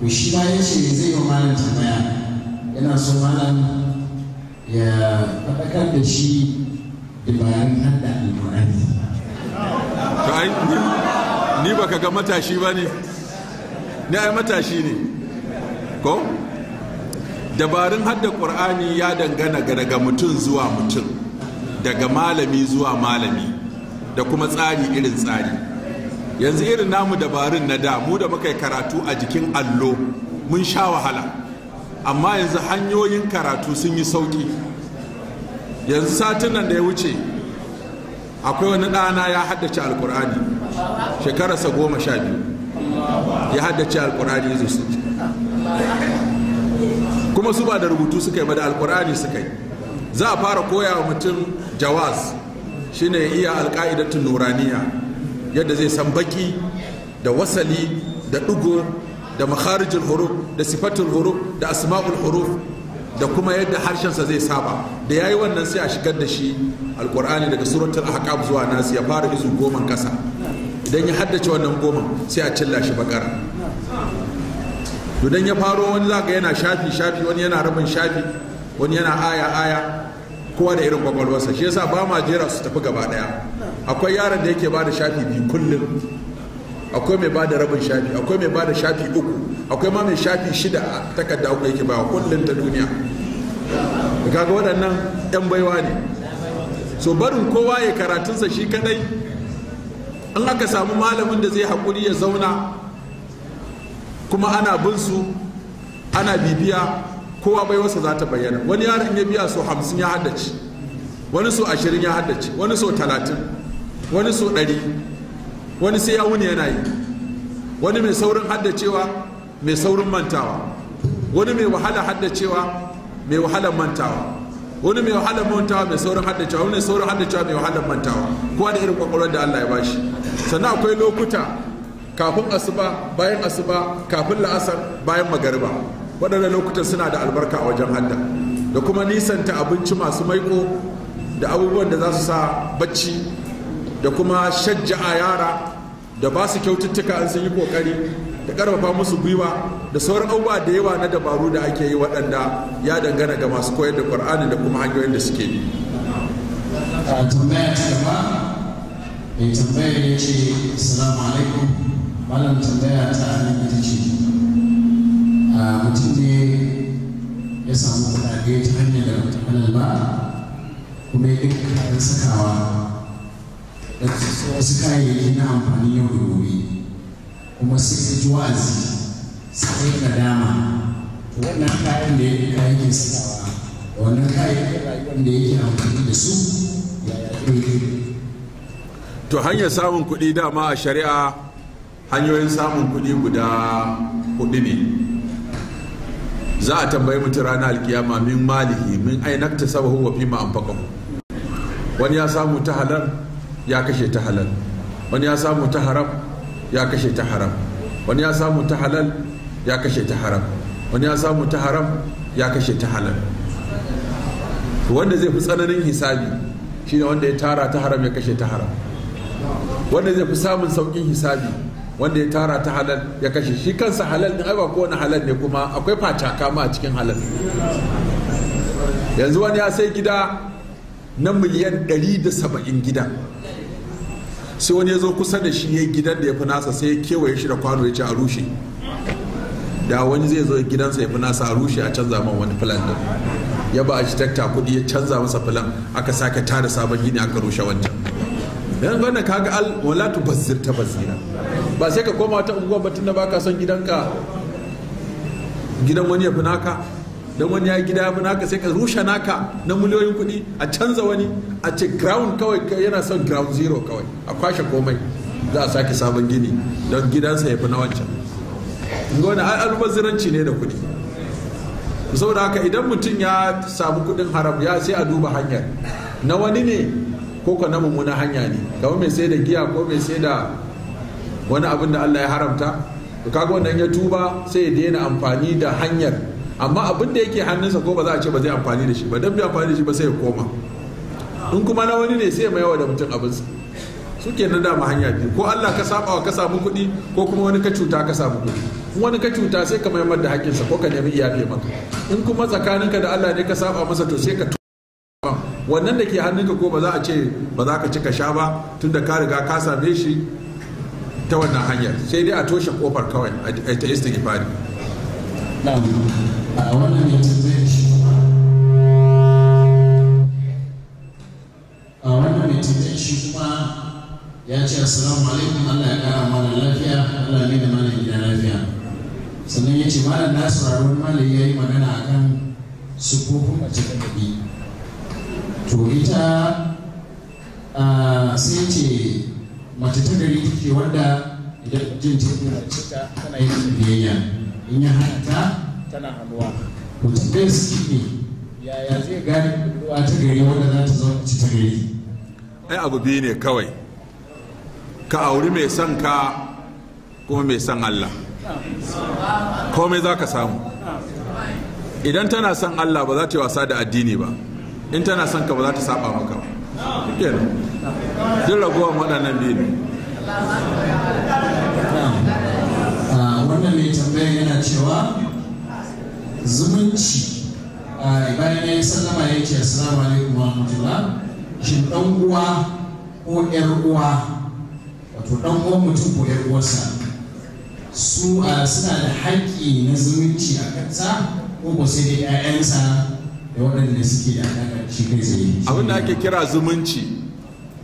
to shi ma ya ce zai yi malam tambaya yana so malam ya faɗakar da shi dabarun hada alƙur'ani to ai ni baka ga matashi ba ne ni ai matashi ne ko dabarun hadda qur'ani ya dangana daga mutum zuwa mutum daga malami zuwa malami da kuma tsari irin tsari yanzu irin namu dabarun na da mu da muka yi karatu a jikin allo mun sha wahala amma yanzu hanyoyin karatu sun yi sauki yanzu satin nan da ya wuce akwai wani ɗana ya haddace alkur'ani shekararsa goma sha biyu ya haddace alkur'ani yanzu su kuma su ba da rubutu suka yi ba da alkur'ani suka yi za a fara koya wa mutum jawaz shine iya alka'idatun nuraniya yadda zai san baki da wasali da ɗugo da makharijul huruf da sifatul huruf da asma'ul huruf da kuma yadda harshensa zai saba da yayi wannan sai a shigar da shi alqur'ani daga suratul ahqaf zuwa nasi ya fara izu goman kasa idan ya haddace wannan goman sai a cilla shi bakara idan ya faro wani zaka yana shafi shafi wani yana rabin shafi wani yana aya aya kowa da irin kwakwalwarsa shi yasa ba ma jera su tafi gaba daya akwai yaron da yake ba da shafi biyu kullum akwai mai ba da rabin shafi akwai mai ba da shafi uku akwai ma mai shafi shida a takarda uku yake ba kullum ta duniya ga waɗannan 'yan baiwa ne so barin kowa ya karatunsa shi kadai an aka samu malamin da zai haƙuri ya zauna kuma ana bin su ana bibiya kowa bai wasa za ta bayyana wani yaron ya biya su hamsin ya haddace wani su ashirin ya haddace wani su talatin wani so ɗari wani sai ya wuni yana yi wani mai saurin haddacewa mai saurin mantawa wani mai wahala haddacewa mai wahalar mantawa wani mai wahalar mantawa mai saurin haddacewa wani saurin haddacewa mai wahalar mantawa kowa da irin kwakwalwar da Allah ya bashi sannan akwai lokuta kafin asuba bayan asuba kafin la'asar bayan magariba waɗannan lokutan suna da albarka a wajen hadda da kuma nisanta abinci masu maiko da abubuwan da za su sa bacci da kuma shajja'a yara da ba su kyaututtuka an sun yi kokari da karfafa musu gwiwa da sauran abubuwa da yawa na dabaru da ake yi waɗanda ya dangana ga masu koyar da ƙwar'ani da kuma hanyoyin da suke tambaya ya ce alaikum tambaya ta ce mutum ne ya samu kuɗaɗe ta hanyar da ba kuma ya ɗin kayan sakawa da wasu kayayyaki na amfanin yau da gobe kuma sai ka ji wa'azi sai ka dama to wannan kayan da ya kayan sawa da wannan kayan da yake amfani da su yaya to hanyar samun kuɗi dama a shari'a hanyoyin samun kuɗi guda hudu ne za a tambayi mutum ranar alkiyama min malihi min ainakta sabahu wa fi ma'amfakan wani ya samu ta halar ya kashe ta halal wani ya samu ta haram ya kashe ta haram wani ya samu ta halal ya kashe ta haram wani ya samu ta haram ya kashe ta halal wanda zai fi tsananin hisabi shine wanda ya tara ta haram ya kashe ta haram wanda zai fi samun saukin hisabi wanda ya tara ta halal ya kashe shi kansa halal ne ba kowane halal ne kuma akwai fata kama a cikin halal yanzu wani ya sai gida na miliyan 170 gidan sai wani ya zo kusa da shi ya gidan da ya fi nasa sai ya kewaye shi da kwano ya ci a rushe da wani zai zo gidansa ya fi nasa a rushe a canza man wani filan da ya ba takta kuɗi ya canza masa filan aka sake tara sabon gini aka rushe wancan dan wannan kaga al wala tu bazir ta bazira ba sai ka koma ta unguwa batun da baka son gidan wani ya fi naka don wani ya gida fi naka sai ka rushe naka na miliyoyin kuɗi a canza wani a ce ground kawai yana son ground zero kawai a kwashe komai za a sake sabon gini don gidansa ya fi na wancan wani ziranci ne da kuɗi saboda haka idan mutum ya samu kuɗin haram ya sai a duba hanyar na wani ne ko ka na mummuna hanya ne kamar mai sai da giya ko mai sai da wani abin da Allah ya haramta kaga wannan ya tuba sai ya daina amfani da hanyar amma abin da yake hannunsa ko ba za a ce ba zai amfani da shi ba dan bai amfani da shi ba sai ya koma in kuma na wani ne sai ya mayawa da mutum abin sa suke na dama hanya biyu ko Allah ka saba wa ka samu kuɗi ko kuma wani ka cuta ka samu kuɗi in wani ka cuta sai ka maimar da haƙƙinsa ko ka nemi iyafe maka in kuma tsakaninka da Allah ne ka saba masa to sai ka wannan da ke hannunka ko ba za a ce ba za ka ci ka sha ba tunda ka riga ka same shi ta wannan hanyar sai dai a toshe kofar kawai a ta istighfari Na'am. A wannan ya tambaye shi a wannan ya tambaye shi kuma ya ce assalamu alaikum Allah ya kara mana lafiya Allah ne da mana gida lafiya. Sannan ya ce malam na sauraron malam ya yi magana akan sufofin mace ta ɗabi. To ita sai ce mace ta gari take wanda idan jin cikin ta cika tana yin masa biyayya in ya hana ta tana hannuwa to tambayar su ne yaya zai gane budurwa ta gari wanda za ta zauna ci ta gari ai abu biyu ne kawai ka auri mai son ka kuma mai son Allah komai za ka samu idan tana son Allah ba za ta yi wasa da addini ba in tana son ka ba za ta saba maka ba kenan duk ragowar waɗannan biyu ne Ah, wannan mai tambayar yana cewa zumunci ah, bayan ya sallama ya ce assalamu alaikum wa rahmatullah shin dan uwa ko yar uwa wato dan uwan mutum ko yar uwarsa su ah, suna da haƙƙi na zumunci a kansa ko ko sai dai 'ya'yansa da waɗanda suke da alaƙa shi kai tsaye abin da ake kira zumunci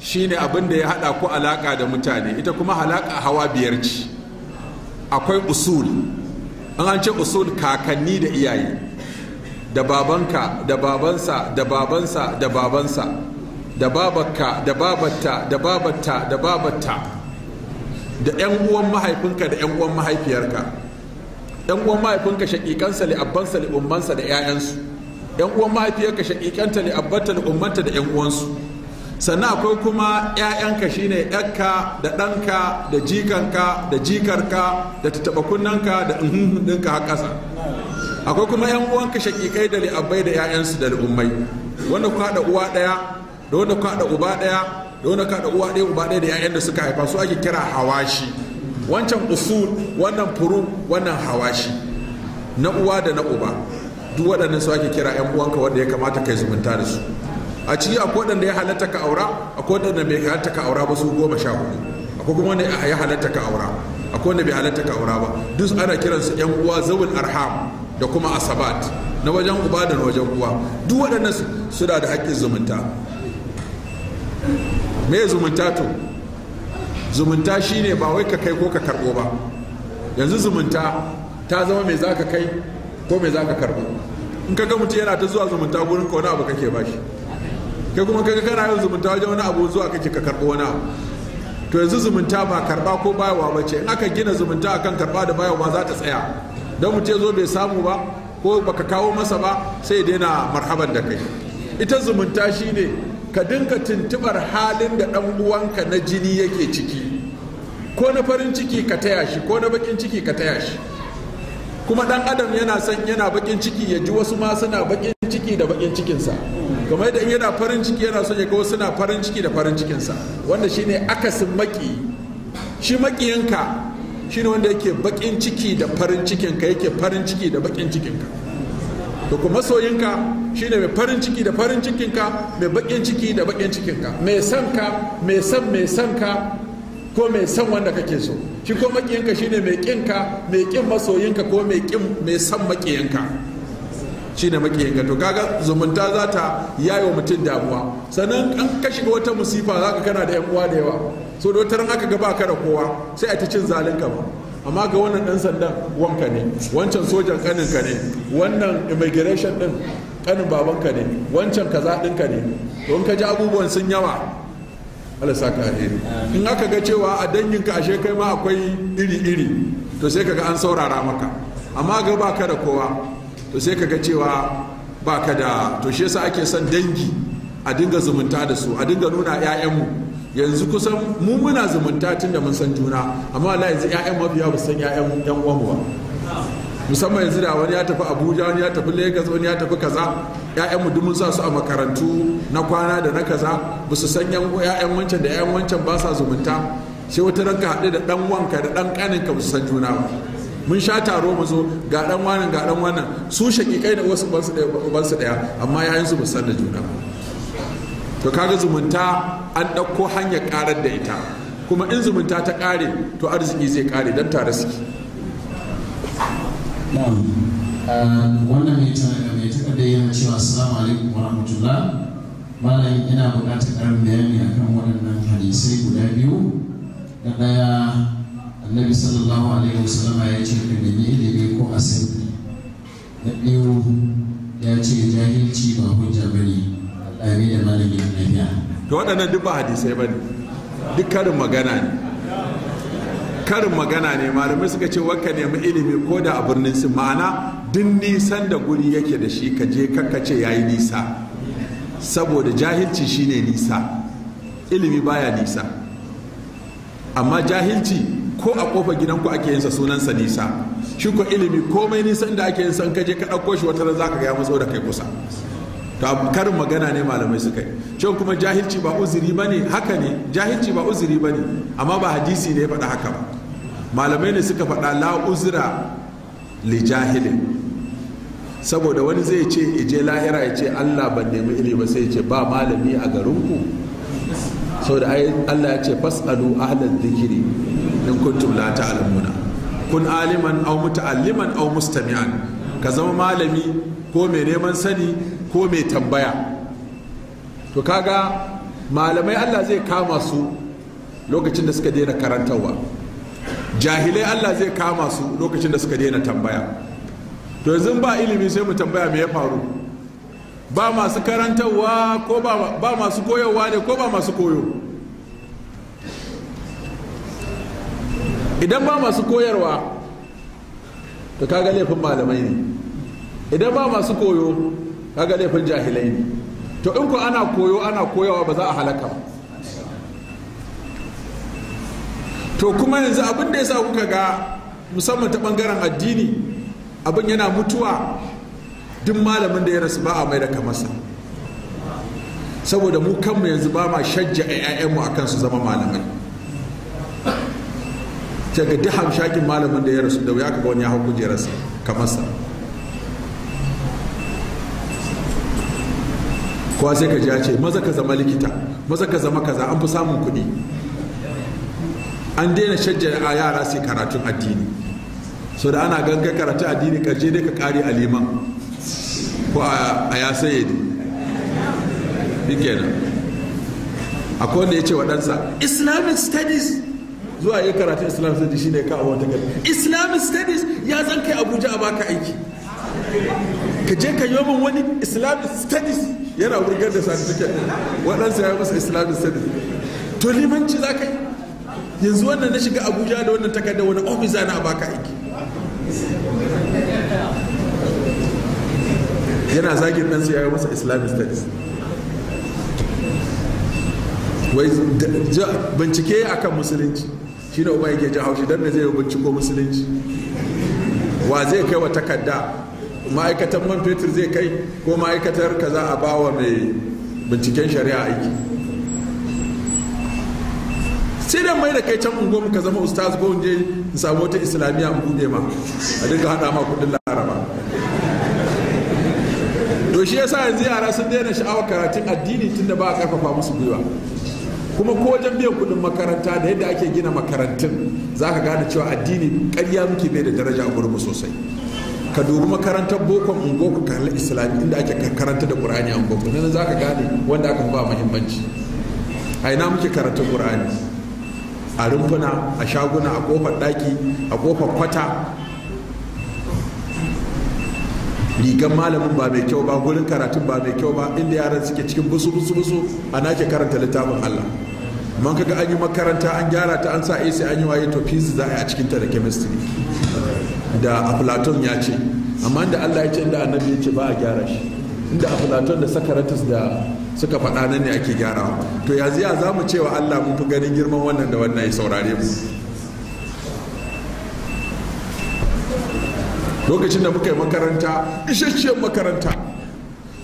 shine abin da ya hada ku alaka da mutane ita kuma halaka hawa biyar ci. akwai usul an an ce usul kakanni da iyaye da babanka da babansa da babansa da babansa da babarka da babarta da babarta da babarta da yan uwan mahaifinka da yan uwan mahaifiyarka yan uwan mahaifinka shakikansa li abbansa li ummansa da 'ya'yansu yan uwan mahaifiyarka shakikanta li abbata li ummanta da yan uwansu sannan akwai kuma 'ya'yanka shine yakka da ɗanka da jikanka da jikarka da tattabakunanka da ɗinka har ƙasa akwai kuma 'yan uwanka shakikai da li'abbai da 'ya'yansu da al'ummai wanda ku haɗa uwa ɗaya da wanda ku haɗa uba ɗaya da wanda ku haɗa uwa ɗaya uba ɗaya da 'ya'yan da suka haifa su ake kira hawashi wancan usul wannan furu wannan hawashi na uwa da na uba duk waɗannan su ake kira 'yan uwanka wanda ya kamata kai zumunta da su a ciki akwai waɗanda ya halatta ka aura akwai da bai halatta ka aura ba su goma sha hudu akwai kuma wanda ya halatta ka aura akwai wanda bai halatta ka aura ba duk ana kiransu yan uwa zawul arham da kuma asabat na wajen uba da wajen uwa duk waɗannan su da haƙƙin zumunta me zumunta to zumunta shine ba wai ka kai ko ka karɓo ba yanzu zumunta ta zama mai za ka kai ko mai za ka karɓo in ka ga mutum yana ta zuwa zumunta gurin ka wani abu kake bashi kai kuma kai kana yin zumunta wajen wani abu zuwa kake ka karɓo wani abu to yanzu zumunta ba karɓa ko bayawa ba ce in aka gina zumunta akan karɓa da bayawa za ta tsaya don mutum zo bai samu ba ko baka kawo masa ba sai daina marhaban da kai ita zumunta shine ka dinka tuntubar halin da ɗan uwanka na jini yake ciki ko na farin ciki ka taya shi ko na bakin ciki ka taya shi kuma ɗan adam yana son yana bakin ciki ya ji wasu ma suna bakin ciki da bakin cikinsa kamar yadda in yana farin ciki yana son ya ga wasu na farin ciki da farin cikinsa wanda shine akasin maki shi makiyanka shine wanda yake bakin ciki da farin cikinka yake farin ciki da bakin cikinka to kuma masoyinka shine mai farin ciki da farin cikinka mai bakin ciki da bakin cikinka mai son ka mai son mai son ka ko mai son wanda kake so shi ko makiyanka shine mai kinka mai kin masoyinka ko mai kin mai son makiyanka shine makiyin yin to kaga zumunta za ta yayi wa mutum damuwa sannan an kashi shiga wata musifa za ka kana da yan uwa da yawa so da wataran aka ga ba ka da kowa sai a ta cin zalin ka ba amma ga wannan dan sandan wanka ne wancan sojan kanin ka ne wannan immigration din kanin babanka ne wancan kaza ɗinka ne don ka ji abubuwan sun yawa Allah sa ka in aka ga cewa a danginka ashe kai ma akwai iri-iri to sai kaga an saurara maka amma ga baka da kowa to sai kaga cewa ba ka da to shi yasa ake son dangi a dinga zumunta da su a dinga nuna 'ya'yanmu yanzu kusan mu muna zumunta tun da mun san juna amma wala yanzu 'ya'yan mafiya ba san 'ya'yan yan uwanmu ba musamman yanzu da wani ya tafi abuja wani ya tafi lagos wani ya tafi kaza ya'yanmu duk mun sa su a makarantu na kwana da na kaza ba su san ya'yan wancan da ya'yan wancan ba sa zumunta sai wata ranka haɗe da ɗan wanka da ɗan ƙaninka ba su san juna ba mun sha taro mu zo ga dan wannan ga dan wannan su shakikai da wasu ubansu daya su daya amma yayin su san da juna to kaga zumunta an ɗauko hanyar karar da ita kuma in zumunta ta kare to arziki zai kare dan tare suke ah, wannan mai da yana cewa assalamu alaikum wa rahmatullah malam ina bukatar karin bayani akan waɗannan hadisai guda biyu da ɗaya annabi sallallahu alaihi wasallama ya ce ka nemi ilimi ko asiri na biyu ya ce jahilci ba hujja ba ne ɗari da malamin annabiya to waɗannan duk ba hadisai ba ne duk karin magana ne karin magana ne malamai suka ce wanka nemi ilimi ko da a birnin su ma'ana duk nisan da guri yake da shi ka je kakka ce yayi nisa saboda jahilci shine nisa ilimi baya nisa amma jahilci ko a kofar gidanku ake yinsa sunansa nisa shi ko ilimi komai nisan da ake yinsa san ka ka ɗauko shi wata za ka ga ya matso da kai kusa to karin magana ne malamai suka yi can kuma jahilci ba uzuri ba ne haka ne jahilci ba uzuri ba ne amma ba hadisi ne ya faɗa haka ba malamai ne suka faɗa la uzura li jahilin saboda wani zai ce ije lahira ya ce allah ban nemi ilimi sai sai ce ba malami a garinku da ai Allah ya ce fasalu ahlal dhikri in kuntum la ta'lamuna kun aliman aw muta'alliman aw mustami'an ka zama malami ko mai neman sani ko mai tambaya to kaga malamai Allah zai kama su lokacin da suka daina karantarwa jahilai Allah zai kama su lokacin da suka daina tambaya to yanzu ba ilimi sai mu tambaya me ya faru ba masu karantarwa ko ba masu koyarwa ne ko ba masu koyo idan ba masu koyarwa to kaga laifin malamai ne idan ba masu koyo kaga laifin jahilai ne to in ku ana koyo ana koyawa ba za a halaka ba to kuma yanzu abin da ya sa kuka ga musamman ta bangaren addini abin yana mutuwa duk malamin da ya rasu ba a mai da kamarsa saboda mu kanmu yanzu ba ma shajja a 'ya'yanmu akan su zama malamai daga duk hamshakin malamin da ya rasu da wuya kaba wani ya hau kujerarsa kamarsa Kuwa sai ka ji ya ce maza ka zama likita maza ka zama kaza an fi samun kuɗi an daina shajja a yara sai karatun addini so da ana ganga karatun addini ka je dai ka kare a liman ko a ya sayyadi kenan akwai wanda ya ce wa ɗansa islamic studies zuwa yi karatu islamic studies ne ka abuwa ta gari islamic studies ya zan kai abuja a baka aiki ka je ka yi wani islamic studies yana wurgar da certificate waɗansa ya masa islamic studies to limanci za ka yi yanzu wannan na shiga abuja da wannan takardar wani ofisa na baka aiki yana zagin ɗansa ya yi masa islamic studies wai bincike akan musulunci shi ne uba yake ji haushi don da zai yi binciko musulunci wa zai kai wa takarda ma'aikatan man fetur zai kai ko ma'aikatar ka za a ba wa mai binciken shari'a aiki sai da mai da kai can unguwar ka zama ustaz ko in je in samu wata islamiyya in bude ma a dinga hada ma kudin lara. yasa yanzu yara sun daina sha'awar karatun addini tun da ba a karfafa musu gwiwa kuma ko wajen biyan kudin makaranta da yadda ake gina makarantun za ka gane cewa addini karya muke bai da daraja a gurbin sosai ka dubi makarantar bokon ka kalli islami inda ake karanta da qur'ani an boko nan za ka gane wanda aka ba muhimmanci a ina muke karatun qur'ani a rumfuna a shaguna a kofar daki a kofar kwata rigar malamin ba mai kyau ba gurin karatun ba mai kyau ba inda yaran suke cikin busu busu busu a nake karanta littafin Allah man kaga an yi makaranta an gyara ta an sa AC an yi waye to physics za a yi a cikin ta da chemistry da Platon ya ce amma da Allah ya ce inda annabi ya ce ba a gyara shi inda Platon da Socrates da suka faɗa nan ne ake gyarawa to yanzu ya zamu mu cewa Allah mun fi ganin girman wannan da wannan ya saurare mu lokacin da muka yi makaranta isasshen makaranta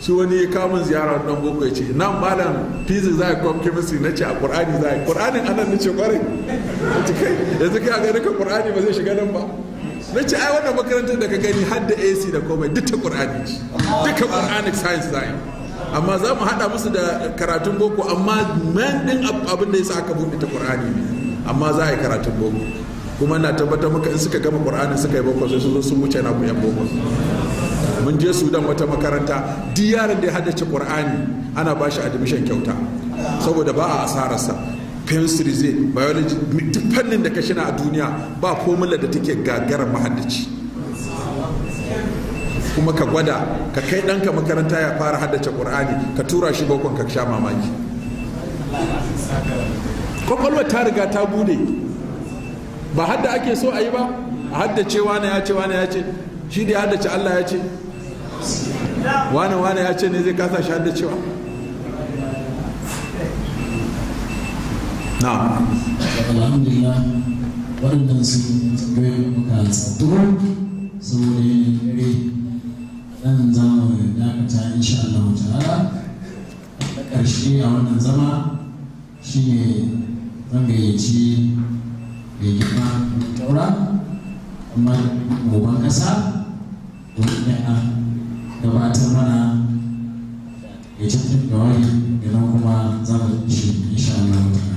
shi wani ya kamun ziyara don boko ya ce nan malam fizi, za a kwam kemisi na ce a ƙur'ani za a yi. qur'anin anan na ce kwarai yanzu kai a gani ka ƙur'ani ba zai shiga nan ba na ce ai wannan makarantar da ka gani har da ac da komai duk ta ƙur'ani. ce duka quranic science za amma za mu haɗa musu da karatun boko amma man ɗin abin da ya sa aka buɗe ta qur'ani amma za a yi karatun boko kuma na tabbatar maka in suka gama qur'ani suka yi bakwai sai su zo sun wuce na ku yan boko mun je sudan wata makaranta duk yaran da ya haddace qur'ani ana ba shi admission kyauta saboda ba a asararsa chemistry zai biology duk fannin da ka shina a duniya ba formula da take gagarar mahaddaci kuma ka gwada ka kai ɗanka makaranta ya fara haddace ƙur'ani ka tura shi bakon ka sha mamaki Kwakwalwa ta riga ta bude ba hadda ake so a yi ba hadda ce wane ya ce wane ya ce shi da hadda ce Allah ya ce wane wane ya ce ne zai kasa shi hadda cewa na alhamdulillah waɗannan sun tambaye muka tsattuwa saboda yanayin dare nan zama mu dakata insha Allah ta'ala ƙarshe a wannan zama shine zan gayyaci Jemaah orang Membuat kasar Untuk yang gabatar mana Ya cikin gawayi Yana kuma za mu ci insha Allah